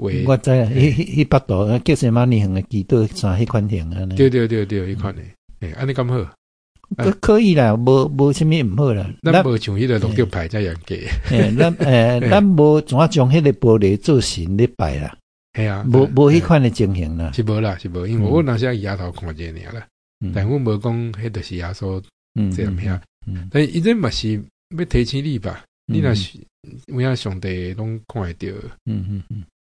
我知啊迄迄迄八度，叫啥物你誒，基督？啥迄款型啊？對對對對，迄款誒，誒，安尼咁好？可以啦，無啥物毋好啦。咱無像迄個路德派遮嚴格。誒，咱誒，咱無怎啊將迄個玻璃做成呢排啦。係啊，無無迄款誒正形啦。是無啦，是無，因為我若是丫頭看者你啦。但係我無講迄著是耶穌，嗯，這樣遐，但係一陣咪係要提醒你吧。你若是有影上帝攏看會着，嗯嗯嗯。